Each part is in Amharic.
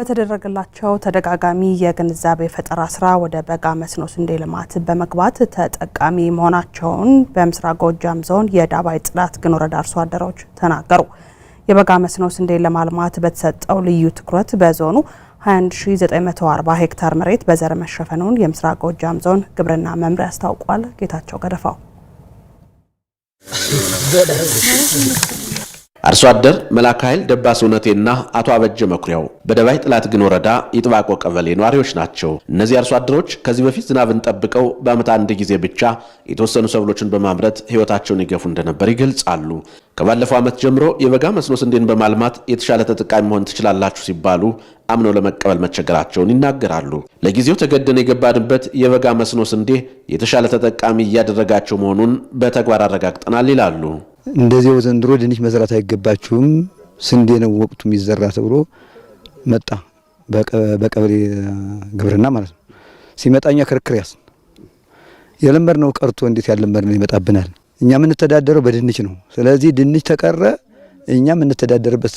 በተደረገላቸው ተደጋጋሚ የግንዛቤ ፈጠራ ስራ ወደ በጋ መስኖ ስንዴ ልማት በመግባት ተጠቃሚ መሆናቸውን በምስራቅ ጎጃም ዞን የዳባይ ጥላት ግን ወረዳ አርሶ አደሮች ተናገሩ። የበጋ መስኖ ስንዴ ለማልማት በተሰጠው ልዩ ትኩረት በዞኑ 21940 ሄክታር መሬት በዘር መሸፈኑን የምስራቅ ጎጃም ዞን ግብርና መምሪያ አስታውቋል። ጌታቸው ገደፋው አርሶ አደር መላክ ኃይል ደባስ እውነቴና አቶ አበጀ መኩሪያው በደባይ ጥላት ግን ወረዳ የጥባቆ ቀበሌ ነዋሪዎች ናቸው። እነዚህ አርሶ አደሮች ከዚህ በፊት ዝናብን ጠብቀው በዓመት አንድ ጊዜ ብቻ የተወሰኑ ሰብሎችን በማምረት ሕይወታቸውን ይገፉ እንደነበር ይገልጻሉ። ከባለፈው ዓመት ጀምሮ የበጋ መስኖ ስንዴን በማልማት የተሻለ ተጠቃሚ መሆን ትችላላችሁ ሲባሉ አምነው ለመቀበል መቸገራቸውን ይናገራሉ። ለጊዜው ተገደን የገባንበት የበጋ መስኖ ስንዴ የተሻለ ተጠቃሚ እያደረጋቸው መሆኑን በተግባር አረጋግጠናል ይላሉ። እንደዚያው ዘንድሮ ድንች መዝራት አይገባችሁም፣ ስንዴ ነው ወቅቱ የሚዘራ ተብሎ መጣ። በቀበሌ ግብርና ማለት ነው። ሲመጣኛ ክርክር ያስ የለመድ ነው ቀርቶ እንዴት ያለመድ ነው ይመጣብናል። እኛ የምንተዳደረው በድንች ነው። ስለዚህ ድንች ተቀረ እኛ የምንተዳደርበት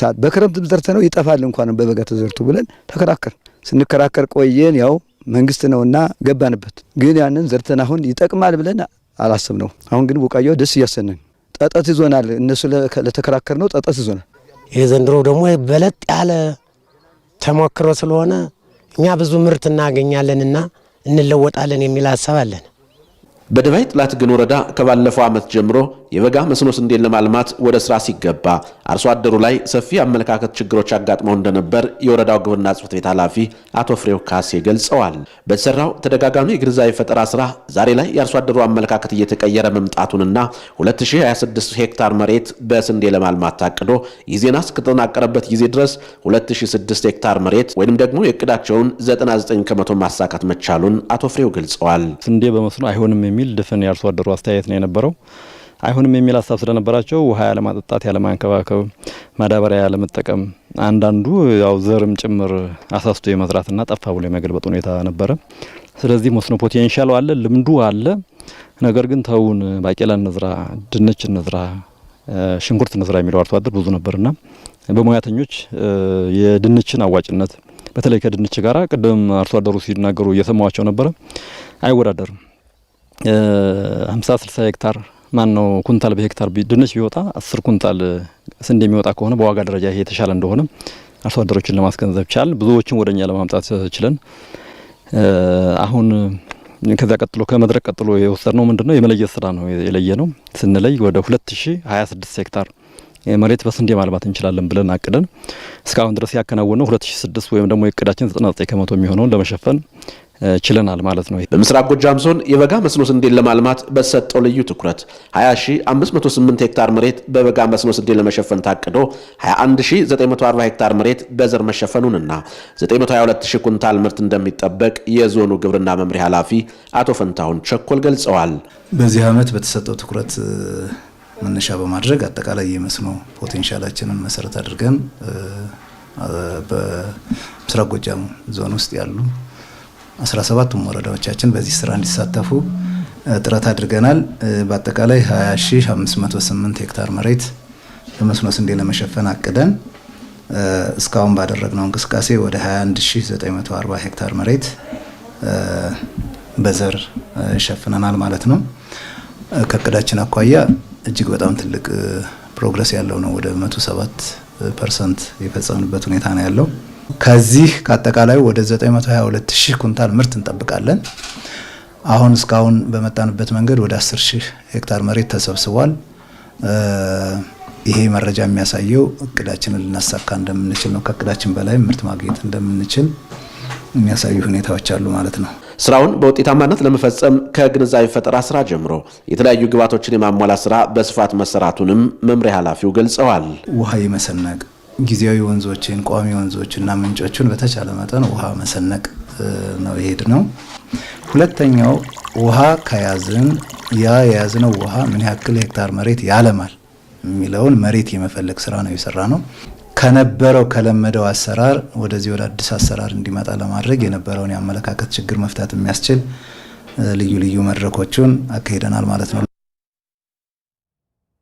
ሰዓት በክረምት ዘርተ ነው ይጠፋል እንኳን በበጋ ተዘርቱ ብለን ተከራከር ስንከራከር ቆየን። ያው መንግስት ነውና ገባንበት። ግን ያንን ዘርተን አሁን ይጠቅማል ብለን አላሰብ ነው። አሁን ግን ቡቃያው ደስ እያሰነን ጠጠት ይዞናል። እነሱ ለተከራከር ነው ጠጠት ይዞናል። ይህ ዘንድሮ ደግሞ በለጥ ያለ ተሞክሮ ስለሆነ እኛ ብዙ ምርት እናገኛለንና እንለወጣለን የሚል ሀሳብ አለን። በደባይ ጥላት ግን ወረዳ ከባለፈው ዓመት ጀምሮ የበጋ መስኖ ስንዴን ለማልማት ወደ ስራ ሲገባ አርሶ አደሩ ላይ ሰፊ አመለካከት ችግሮች አጋጥመው እንደነበር የወረዳው ግብርና ጽሕፈት ቤት ኃላፊ አቶ ፍሬው ካሴ ገልጸዋል። በተሰራው ተደጋጋሚ የግንዛቤ ፈጠራ ስራ ዛሬ ላይ የአርሶ አደሩ አመለካከት እየተቀየረ መምጣቱንና 2026 ሄክታር መሬት በስንዴ ለማልማት ታቅዶ ይህ ዜና እስከተጠናቀረበት ጊዜ ድረስ 2006 ሄክታር መሬት ወይም ደግሞ የእቅዳቸውን 99 ከመቶ ማሳካት መቻሉን አቶ ፍሬው ገልጸዋል። ስንዴ በመስኖ አይሆንም የሚል ድፍን ያርሶ አደሩ አስተያየት ነው የነበረው። አይሁንም የሚል ሀሳብ ስለነበራቸው ውሃ ያለማጠጣት፣ ያለማንከባከብ፣ ማዳበሪያ ያለመጠቀም፣ አንዳንዱ ያው ዘርም ጭምር አሳስቶ የመዝራትና ጠፋ ብሎ የመገልበጥ ሁኔታ ነበረ። ስለዚህ መስኖ ፖቴንሻሉ አለ፣ ልምዱ አለ። ነገር ግን ተውን፣ ባቄላ እንዝራ፣ ድንች እንዝራ፣ ሽንኩርት እንዝራ የሚለው አርሶ አደር ብዙ ነበርና በሙያተኞች የድንችን አዋጭነት በተለይ ከድንች ጋር ቅድም አርሶ አደሩ ሲናገሩ እየሰማዋቸው ነበረ፣ አይወዳደርም ሀምሳ ስልሳ ሄክታር ማን ነው ኩንታል በሄክታር ድንች ቢወጣ አስር ኩንታል ስንዴ የሚወጣ ከሆነ በዋጋ ደረጃ ይሄ የተሻለ እንደሆነ አርሶ አደሮችን ለማስገንዘብ ቻል ብዙዎችን ወደኛ ለማምጣት ችለን አሁን ከዚያ ቀጥሎ ከመድረክ ቀጥሎ የወሰድ ነው ምንድነው የመለየት ስራ ነው የለየ ነው ስንለይ ወደ ስድስት ሄክታር መሬት በስንዴ ማልማት እንችላለን ብለን አቅደን እስካሁን ድረስ ያከናወነው ስድስት ወይም ደግሞ ዘጠና ዘጠኝ ከመቶ የሚሆነውን ለመሸፈን ችለናል ማለት ነው። በምስራቅ ጎጃም ዞን የበጋ መስኖ ስንዴን ለማልማት በተሰጠው ልዩ ትኩረት 20508 ሄክታር መሬት በበጋ መስኖ ስንዴ ለመሸፈን ታቅዶ 21940 ሄክታር መሬት በዘር መሸፈኑንና 9220 ኩንታል ምርት እንደሚጠበቅ የዞኑ ግብርና መምሪያ ኃላፊ አቶ ፈንታሁን ቸኮል ገልጸዋል። በዚህ ዓመት በተሰጠው ትኩረት መነሻ በማድረግ አጠቃላይ የመስኖ ፖቴንሻላችንን መሰረት አድርገን በምስራቅ ጎጃም ዞን ውስጥ ያሉ 17ቱም ወረዳዎቻችን በዚህ ስራ እንዲሳተፉ ጥረት አድርገናል። በአጠቃላይ 20508 ሄክታር መሬት በመስኖ ስንዴ ለመሸፈን አቅደን እስካሁን ባደረግነው እንቅስቃሴ ወደ 21940 ሄክታር መሬት በዘር ሸፍነናል ማለት ነው። ከእቅዳችን አኳያ እጅግ በጣም ትልቅ ፕሮግረስ ያለው ነው። ወደ 107 ፐርሰንት የፈጸምንበት ሁኔታ ነው ያለው። ከዚህ ከአጠቃላይ ወደ 922 ሺህ ኩንታል ምርት እንጠብቃለን። አሁን እስካሁን በመጣንበት መንገድ ወደ 10 ሺህ ሄክታር መሬት ተሰብስቧል። ይሄ መረጃ የሚያሳየው እቅዳችንን ልናሳካ እንደምንችል ነው። ከእቅዳችን በላይ ምርት ማግኘት እንደምንችል የሚያሳዩ ሁኔታዎች አሉ ማለት ነው። ስራውን በውጤታማነት ለመፈጸም ከግንዛቤ ፈጠራ ስራ ጀምሮ የተለያዩ ግብዓቶችን የማሟላት ስራ በስፋት መሰራቱንም መምሪያ ኃላፊው ገልጸዋል። ውሃ የመሰነቅ ጊዜያዊ ወንዞችን፣ ቋሚ ወንዞችና ምንጮችን በተቻለ መጠን ውሃ መሰነቅ ነው ይሄድ ነው። ሁለተኛው ውሃ ከያዝን ያ የያዝነው ውሃ ምን ያክል ሄክታር መሬት ያለማል የሚለውን መሬት የመፈለግ ስራ ነው የሰራ ነው። ከነበረው ከለመደው አሰራር ወደዚህ ወደ አዲስ አሰራር እንዲመጣ ለማድረግ የነበረውን የአመለካከት ችግር መፍታት የሚያስችል ልዩ ልዩ መድረኮችን አካሂደናል ማለት ነው።